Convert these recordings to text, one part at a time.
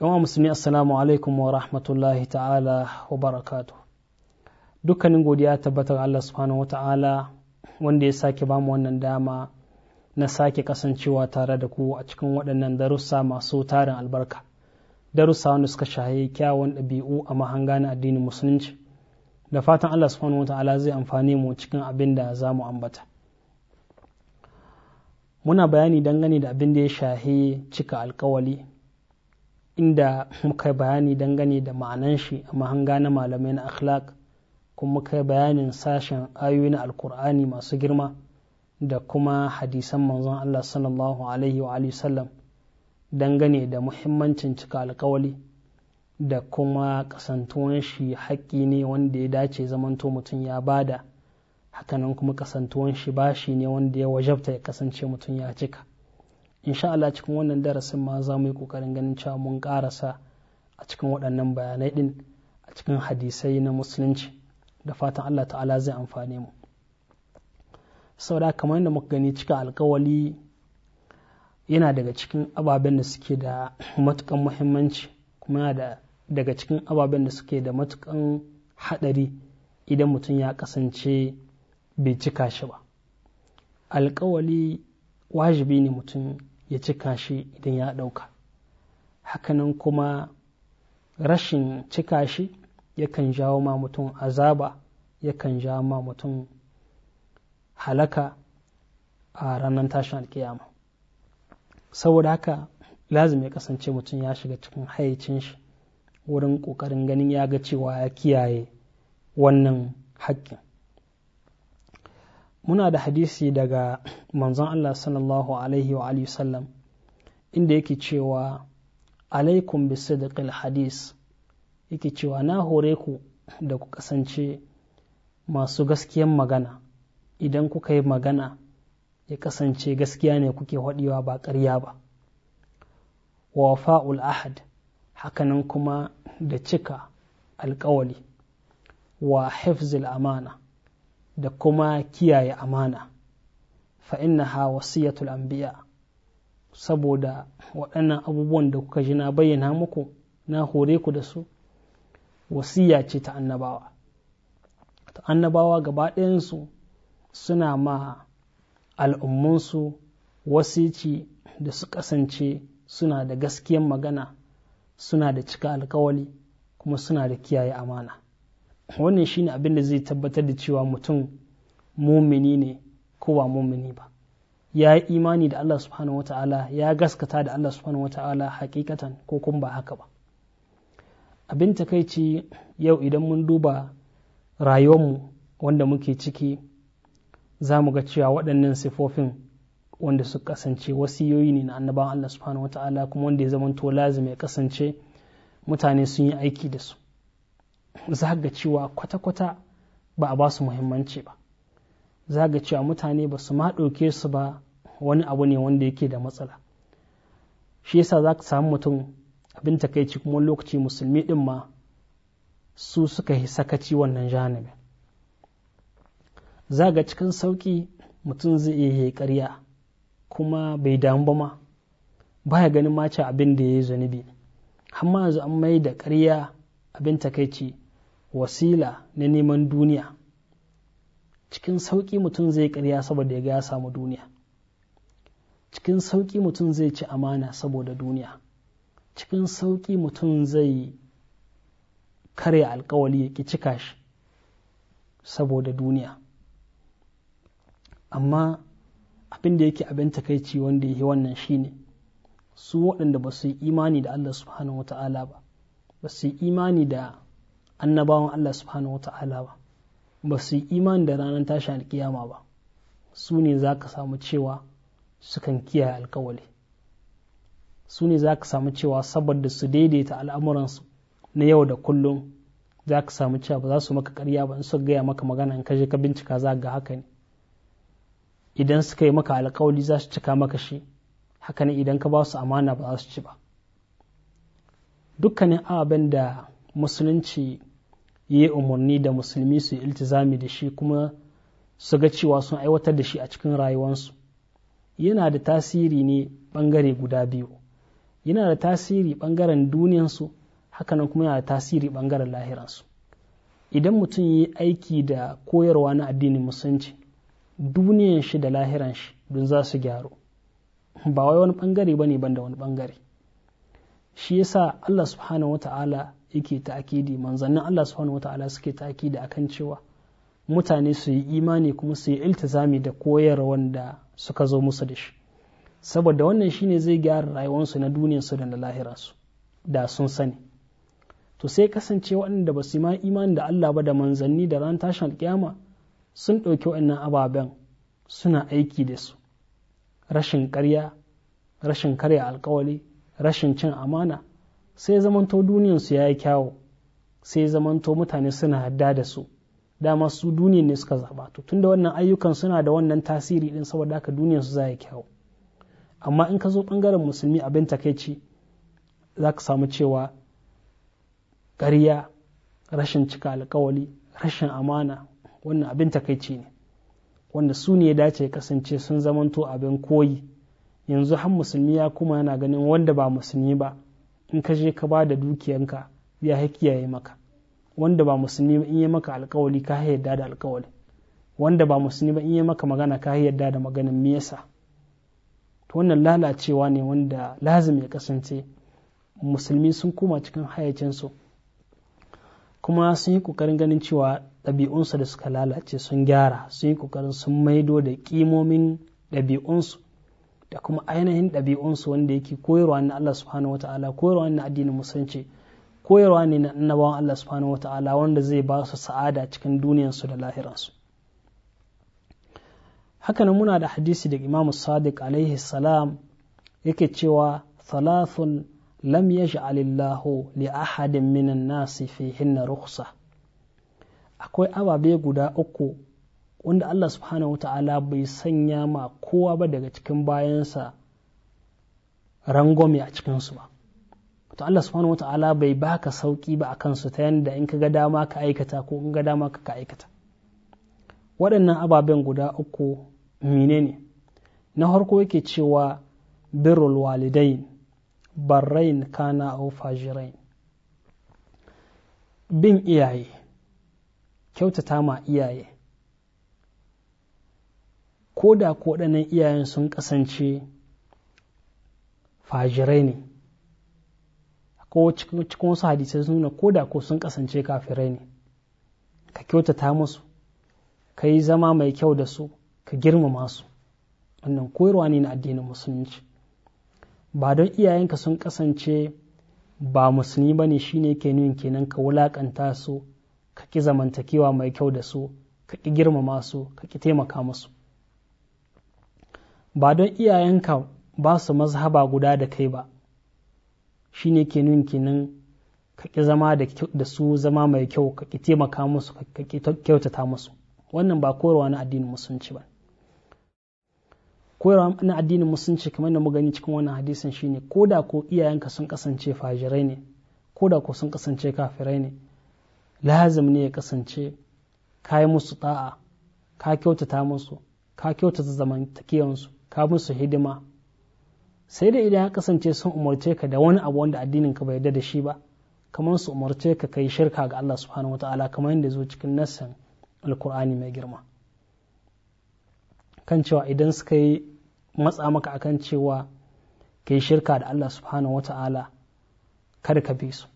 yawan musulmi assalamu alaikum wa rahmatullahi ta'ala wa barakatu dukkanin godiya tabbatar Allah subhanahu wata'ala wanda ya sake bamu wannan dama na sake kasancewa tare da ku a cikin waɗannan darussa masu tarin albarka darussa wanda suka shahi kyawun ɗabi'u a mahanga na addinin musulunci da fatan Allah subhanahu wata'ala zai amfani mu cikin abin da za mu ambata muna bayani dangane da abin da ya shahi cika alkawali inda muka bayani dangane da ma'anan shi a mahanga na malamai na akhlaq kuma muka bayanin sashen ayoyi na alkur'ani masu girma da kuma hadisan manzon Allah sallallahu alaihi wa sallam dangane da muhimmancin cika alkawali da kuma kasantuwan shi haƙƙi ne wanda ya dace zamanto mutum ya bada hakanan kuma kasantuwan shi bashi ne wanda ya wajabta ya kasance mutum ya cika insha Allah cikin wannan darasin ma za mu yi kokarin ganin cewa mun karasa a cikin waɗannan bayanai din a cikin hadisai na musulunci da fatan Allah ta'ala zai amfane mu saboda kamar yadda muka gani cika alkawali yana daga cikin ababen da suke da matukan muhimmanci kuma yana daga cikin ababen da suke da matukan haɗari idan mutum ya kasance bai cika shi ba alkawali wajibi ne mutum ya cika shi idan ya ɗauka hakanan kuma rashin cika shi yakan jawo ma mutum azaba yakan jawo ma mutum halaka a ranar tashin alkiyama saboda haka lazim ya kasance mutum ya shiga cikin hayacin shi wurin ƙoƙarin ganin ya ga cewa ya kiyaye wannan haƙƙin muna da hadisi daga manzon Allah sallallahu alaihi wa alihi sallam inda yake cewa alaikum bi sidqil hadis yake cewa na hore ku da ku kasance masu gaskiyan magana idan kuka yi magana ya kasance gaskiya ne kuke haɗewa ba ƙarya ba wa wafa'ul ahad hakanan kuma da cika alƙawali wa hifzil amana da kuma kiyaye amana fa ha wasiyatul anbiya saboda waɗannan abubuwan da kuka ji na bayyana muku na hore ku da su wasiya ce ta annabawa ta annabawa gaba ɗayansu suna ma al'ummansu wasici da su kasance suna da gaskiyan magana suna da cika alkawali kuma suna da kiyaye amana wannan shine abin da zai tabbatar da cewa mutum mumini ne ko ba mumini ba ya yi imani da Allah subhanahu wa ta'ala ya gaskata da Allah subhanahu wa ta'ala hakikatan ko kun ba haka ba abin takaici yau idan mun duba rayuwarmu wanda muke ciki za mu ga cewa waɗannan sifofin wanda su kasance wasiyoyi ne na annabawan Allah subhanahu wa ta'ala kuma wanda ya zama to lazim ya kasance mutane sun yi aiki da su za ga cewa kwata-kwata ba a ba su muhimmanci ba za ga cewa mutane ba su ma ɗauke su ba wani abu ne wanda yake da matsala shi yasa za ka samu mutum abin takaici kuma lokaci musulmi ɗin ma su suka yi sakaci wannan janibin za ga cikin sauƙi mutum zai iya yi ƙarya kuma bai damu ba ma baya ganin mace abin da ya yi zunubi amma yanzu an mai da ƙarya abin takaici wasila na neman duniya cikin sauƙi mutum zai ƙarya saboda ya ga ya samu duniya cikin sauƙi mutum zai ci amana saboda duniya cikin sauƙi mutum zai karya alkawali ya ƙi cika shi saboda duniya amma abin da yake abin takaici wanda ya yi wannan shine su waɗanda ba su yi imani da Allah subhanahu wa ta'ala ba ba su yi imani da annabawan Allah subhanahu wa ta'ala ba ba su yi imani da ranar tashi alkiyama ba su ne za ka samu cewa sukan kiyaye alkawali su ne za ka samu cewa saboda su daidaita al'amuransu na yau da kullum za ka samu cewa ba za su maka karya ba in suka gaya maka magana in je ka bincika za ga haka ne idan suka yi maka alkawali za su cika maka shi haka ne idan ka ba su amana ba za su ci ba dukkanin ababen da musulunci yi umarni da musulmi su yi iltizami da shi kuma su ga cewa sun aiwatar da shi a cikin rayuwarsu yana da tasiri ne bangare guda biyu yana da tasiri bangaren duniyansu hakanan kuma yana da tasiri ɓangaren lahiransu idan mutum yi aiki da koyarwa na addinin musulunci duniyan shi da lahiran shi don za su gyaru ba wai wani bangare ba ne ban da wani bangare shi yasa Allah subhanahu wa ta'ala. yake ta'akidi manzannin Allah subhanahu wata'ala suke ta'akidi akan cewa mutane su yi imani kuma su yi iltizami da koyar da suka zo musu da shi saboda wannan shine zai gyara rayuwarsu na duniyarsu da na lahirarsu da sun sani to sai kasance waɗanda ba su ma imani da Allah ba da manzanni da ran tashin alƙiyama sun ɗauki waɗannan ababen suna aiki da su rashin ƙarya rashin karya alƙawali rashin cin amana sai zamanto duniyansu ya yi kyawo sai zamanto mutane suna hadda da su dama su duniyan ne suka zaba to tunda wannan ayyukan suna da wannan tasiri din saboda haka duniyansu za yi kyawo amma in ka zo bangaren musulmi abin takaici za ka samu cewa ƙarya rashin cika alkawali rashin amana wannan abin takaici ne wanda su ne ya dace ya kasance sun zamanto abin koyi yanzu har musulmi ya kuma yana ganin wanda ba musulmi ba in ka je ka ba da dukiyanka ya kiyaye maka wanda ba musulmi ba in yi maka alkawali ka yarda da alkawali wanda ba musulmi ba in yi maka magana ka yarda da maganin me yasa to wannan lalacewa ne wanda lazim ya kasance musulmi sun koma cikin hayacinsu kuma sun yi kokarin ganin cewa ɗabi'unsu da suka lalace sun gyara sun yi kokarin sun maido da ƙimomin ɗabi'unsu da kuma ainihin ɗabi'unsu wanda yake koyarwa na Allah subhanahu wata'ala koyarwa na addinin musulunci koyarwa ne na annabawan Allah subhanahu wata'ala wanda zai ba su sa'ada cikin duniyarsu da lahiransu hakanan muna da hadisi daga Imam Sadiq alaihi salam yake cewa thalathun lam yaj'al Allah li ahadin minan nasi fihinna rukhsa akwai ababe guda uku wanda Allah subhanahu wata'ala bai sanya ma kowa ba daga cikin bayansa rangwame a cikinsu ba to Allah subhanahu wata'ala bai baka sauki ba a kansu ta yadda in ka ga dama ka aikata ko in ga dama ka aikata waɗannan ababen guda uku menene na harko yake cewa birrul walidain barrain kana au fajirain bin iyaye kyautata ma iyaye ko da ko ɗanan iyayen sun kasance fajirai ne ko cikin wasu hadisai sun nuna ko da ko sun kasance kafirai ne ka kyautata musu ka yi zama mai kyau da su ka girmama su wannan koyarwa ne na addinin musulunci ba don iyayenka sun kasance ba musulmi ba ne shi ne ke nuyin kenan ka wulaƙanta su ka ƙi zamantakewa mai kyau da su ka ƙi girmama su ka ƙi taimaka musu ba don iyayenka ba su mazhaba guda da kai ba shi ne ke nun kenan ka ƙi zama da su zama mai kyau ka ƙi taimaka musu ka ƙi kyautata musu wannan ba koyarwa na addinin musulunci ba koyarwa na addinin musulunci kamar da gani cikin wannan hadisin ne ko da ko iyayenka sun kasance fajirai ne ko da ko sun kasance kafirai ne lazim ne ya kasance ka yi musu ta'a ka kyautata musu ka kyautata zamantakewansu ka musu hidima sai da idan ya kasance sun umarce ka da wani abu wanda addinin ka bai yarda da shi ba kamar su umarce ka kai shirka ga Allah subhanahu wataala kamar yadda zo cikin nassan alkur'ani mai girma kan cewa idan suka yi matsa maka akan cewa ka yi shirka da Allah subhanahu wataala kada ka bi su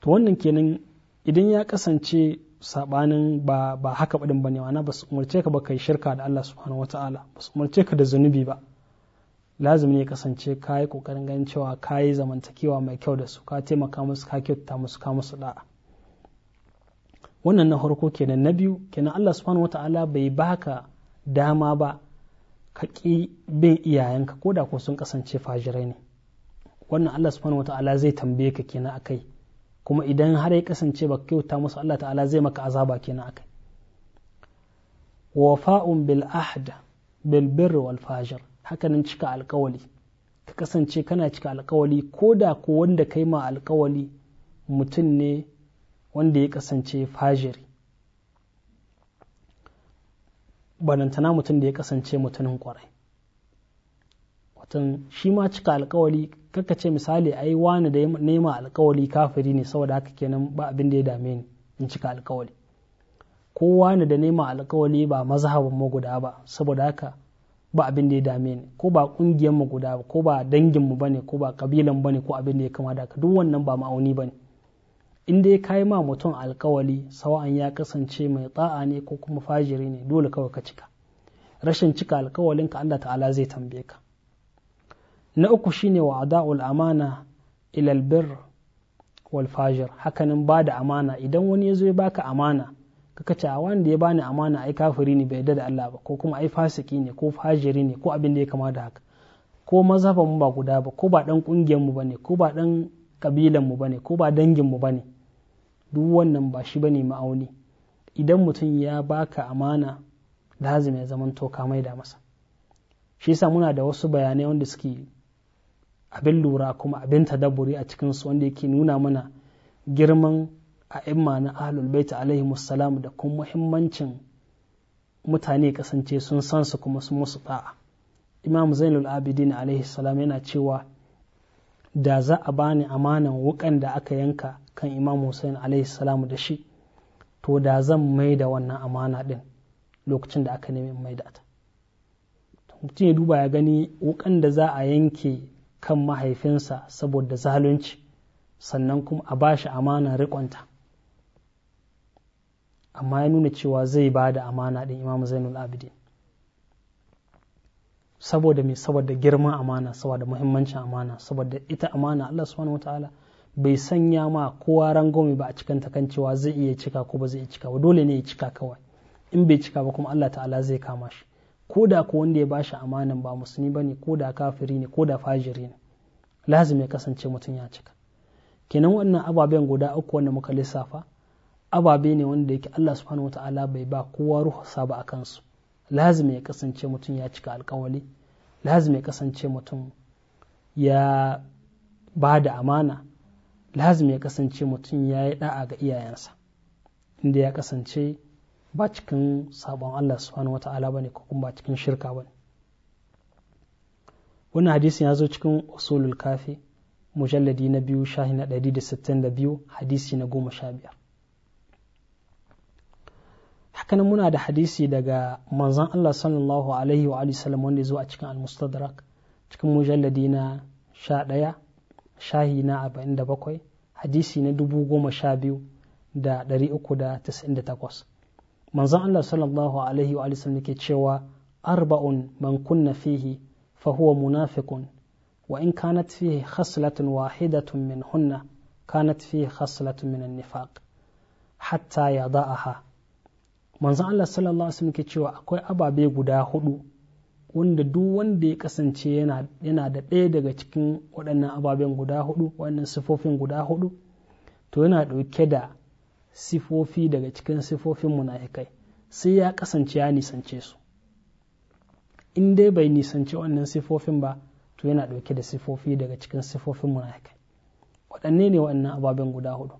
to wannan kenan idan ya kasance sabanin ba ba haka badin bane ma'ana ba su umarce ka ba kai shirka da Allah subhanahu wata'ala ba su umarce ka da zunubi ba lazumi ne kasance ka yi kokarin ganin cewa ka yi zamantakewa mai kyau da su ka taimaka musu ka kyautata musu ka musu da'a wannan na farko kenan na biyu kenan Allah subhanahu wata'ala bai baka dama ba ka ƙi bin iyayenka ko da ko sun kasance fajirai ne wannan Allah subhanahu wata'ala zai tambaye ka kenan akai kuma idan har ya kasance ba kyauta musu Allah ta'ala zai maka azaba kenan akai wafa'un bil ahd bil birr wal fajr hakanan cika alkawali ka kasance kana cika alkawali ko da ko wanda kai ma alkawali mutum ne wanda ya kasance fajiri banantana mutum da ya kasance mutumin kwarai Tan shi ma cika alkawari kaka ce misali ai wani da nema alkawari kafiri ne saboda haka kenan ba abin da ya dame ni in cika alkawari ko wani da nema alkawari ba mazhabin mu guda ba saboda haka ba abin da ya dame ni ko ba kungiyar mu guda ba ko ba dangin mu bane ko ba kabilan bane ko abin da ya kama da haka duk wannan ba ma'auni bane in dai kai ma mutum alkawari sawa'an ya kasance mai ta'a ne ko kuma fajiri ne dole kawai ka cika rashin cika alkawalinka Allah ta'ala zai tambaye ka na uku shine wa ada'ul amana ilal birr wal fajir ba da amana idan wani ya zo ya baka amana kaka ce a wanda ya bani amana ai kafiri ne bai da Allah ba ko kuma ai fasiki ne ko fajiri ne ko abin da ya kama da haka ko mazhaban mu ba guda ba ko ba dan kungiyar mu bane ko ba dan kabilan mu bane ko ba dangin mu bane duk wannan ba shi bane ma'auni idan mutum ya baka amana lazimi ya zaman to ka maida masa shi yasa muna da wasu bayanai wanda suke abin lura kuma abin tadabburi a cikinsu wanda yake nuna mana girman a imma na ahlul baita alaihi musallam da kuma muhimmancin mutane kasance sun san su kuma sun musu da'a imam zainul abidin alaihi salam yana cewa da za a bani amanan wukan da aka yanka kan imam hussein alaihi salam da shi to da zan mai da wannan amana din lokacin da aka nemi mai da ta mutum ya duba ya gani wukan da za a yanke kan mahaifinsa saboda zalunci sannan kuma a ba shi amana riƙonta amma ya nuna cewa zai ba da amana ɗin imam zainul abidin saboda mai saboda girman amana saboda muhimmancin amana saboda ita amana Allah subhanahu wataala bai sanya ma kowa rangwame ba a cikin ta kan cewa zai iya cika ko ba zai iya cika ba dole ne ya cika kawai in bai cika ba kuma Allah ta'ala zai kama shi ko da ko wanda ya bashi amanan ba musulmi bane ko da kafiri ne ko da fajiri ne lazim ya kasance mutum ya cika kenan wannan ababen guda uku wanda muka lissafa ababe ne wanda yake Allah subhanahu wataala bai ba kowa ruhusa ba a kansu lazim ya kasance mutum ya cika alkawali lazim ya kasance mutum ya ba da amana lazim ya kasance mutum ya yi da'a ga iyayensa inda ya kasance ba cikin sabon Allah subhanahu wa ta'ala bane ko kuma ba cikin shirka bane wannan hadisin ya zo cikin usulul kafi mujalladi na biyu shahi na 162 hadisi na goma sha biyar hakanan muna da hadisi daga manzon Allah sallallahu alaihi wa sallam wanda ya zo a cikin al-mustadrak cikin mujalladi na sha ɗaya shahi na 47 hadisi na dubu goma sha biyu da 398 manzon Allah sallallahu alaihi wa ne ke cewa arba'un man kunna fihi fa huwa wa in kanat fihi khaslatun wahidatun min hunna kanat fihi khaslatun min an-nifaq hatta yada'aha manzon Allah sallallahu alaihi wa sallam cewa akwai ababe guda hudu wanda duk wanda ya kasance yana da ɗaya daga cikin waɗannan ababen guda hudu waɗannan sifofin guda hudu to yana ɗauke da sifofi daga cikin sifofin munafikai sai ya kasance ya nisance su in dai bai nisance wannan sifofin ba to yana ɗauke da sifofi daga cikin sifofin munafikai waɗanne ne waɗannan ababen guda hudu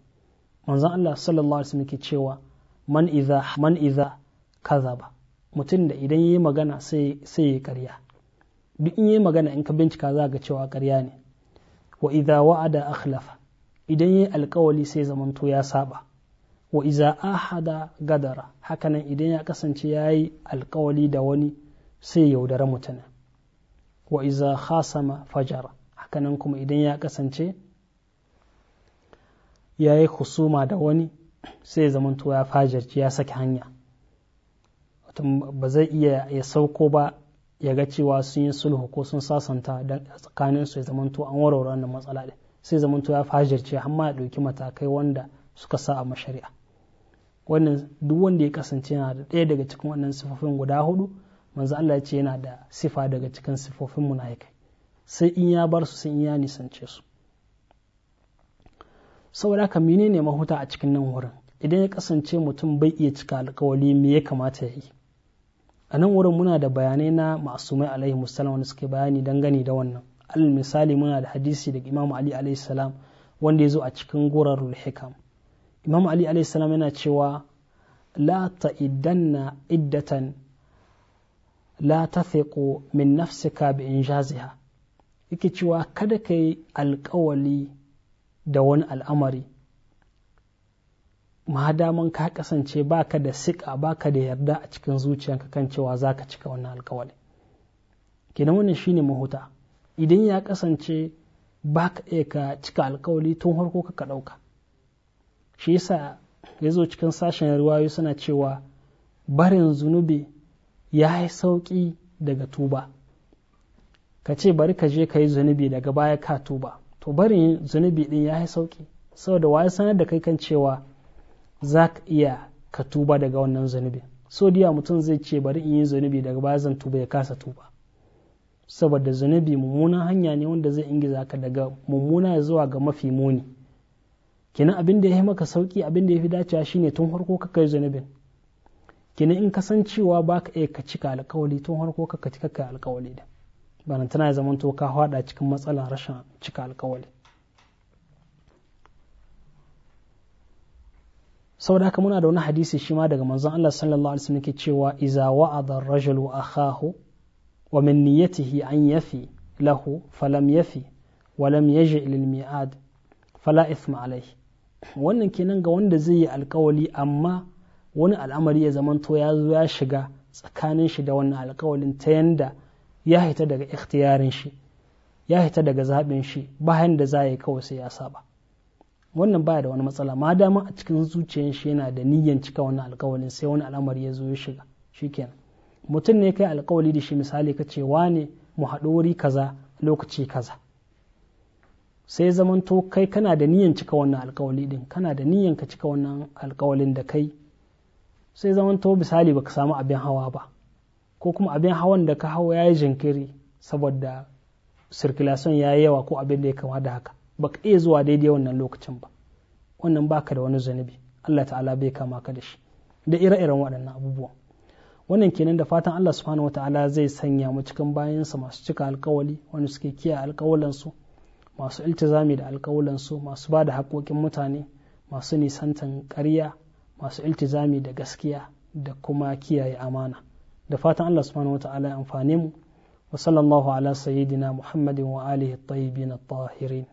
manzon Allah sallallahu alaihi wasallam ke cewa man idza man idza kazaba mutum da idan yayi magana sai sai ya ƙarya duk in yayi magana in ka bincika za ga cewa ƙarya ne wa idza wa'ada akhlafa idan yayi alƙawali sai zamanto ya saba wa iza ahada gadara hakanan idan ya kasance ya yi alkawali da wani sai yaudara mutum wa iza khasama fajara hakanan kuma idan ya kasance ya yi husuma da wani sai zamanto ya fajarci ya saki hanya ba zai iya ya sauko ba ya ga cewa sun yi sulhu ko sun sasanta don tsakanin su ya zamanto an warware wannan matsala sai zamanto ya fajirce har ma ya ɗauki matakai wanda suka sa a mashari'a wannan duk wanda ya kasance yana da ɗaya daga cikin wannan sifofin guda hudu manzo Allah ya ce yana da sifa daga cikin sifofin munafikai sai in ya bar su sai in ya nisance su saboda haka ne mahuta a cikin nan wurin idan ya kasance mutum bai iya cika alkawali me ya kamata ya yi a nan wurin muna da bayanai na masumai alaihi musallam wanda suke bayani dangane da wannan al misali muna da hadisi daga imamu ali alaihi salam wanda ya zo a cikin gurarul hikam imam ali alaihi yana cewa la idanna iddatan la tathiqu min nafsika bi injaziha yake cewa kada ka yi alkawali da wani al'amari madaman ka kasance baka da siƙa baka da yarda a cikin zuciyanka kan cewa za ka cika wannan alkawali kenan wannan shine mahuta idan ya kasance baka iya ka cika alkawali tun harko ka ɗauka shi yasa ya zo cikin sashen riwayoyi suna cewa barin zunubi ya yi sauƙi daga tuba ka ce bari ka je ka yi zunubi daga baya ka tuba to barin zunubi ɗin ya yi sauƙi saboda waye sanar da kai kan cewa za ka iya ka tuba daga wannan zunubi so diya mutum zai ce bari in yi zunubi daga baya zan tuba ya kasa tuba saboda zunubi mummunan hanya ne wanda zai ingiza ka daga mummuna zuwa ga mafi muni kina abin da ya yi maka sauki abin da ya fi dacewa shine tun harko ka kai zunubin kina in kasancewa ba ka iya ka cika alkawali tun harko ka ka cika kai alkawali da bayan tana zama to ka hada cikin matsalar rashin cika alkawali saboda haka muna da wani hadisi shi ma daga manzon Allah sallallahu alaihi wasallam ke cewa iza wa'ada ar-rajulu akhahu wa min niyyatihi an yafi lahu falam yafi wa lam yaji lil mi'ad fala ithma alayhi wannan kenan ga wanda zai yi alkawali amma wani al'amari ya zamanto ya zo ya shiga tsakanin shi da wannan alkawalin ta yanda ya hita daga ikhtiyarin shi ya hita daga zaɓin shi bayan da za yi kawai sai ya saba wannan baya da wani matsala ma dama a cikin zuciyar shi yana da niyyan cika wannan alkawalin sai wani al'amari ya zo ya shiga shikenan mutum ne kai alkawali da shi misali ka ce wane mu haɗu wuri kaza lokaci kaza sai zamanto kai kana da niyan cika wannan alkawali din kana da niyan ka cika wannan alkawalin da kai sai zamanto misali baka samu abin hawa ba ko kuma abin hawan da ka hau ya yi jinkiri saboda circulation yayi yawa ko abin da ya kama da haka baka iya zuwa daidai wannan lokacin ba wannan baka da wani zunubi Allah ta'ala bai kama ka da shi da ire-iren waɗannan abubuwan wannan kenan da fatan Allah subhanahu ta'ala zai sanya mu cikin bayansa masu cika alkawali wani suke kiyaye alkawalansu masu iltizami da alkawulansu masu ba da haƙoƙin mutane masu nisantan ƙarya masu iltizami da gaskiya da kuma kiyaye amana da fatan Allah subhanahu wa ta'ala ya amfane mu wa sallallahu ala sayyidina Muhammadin wa alihi at-tayyibin at-tahirin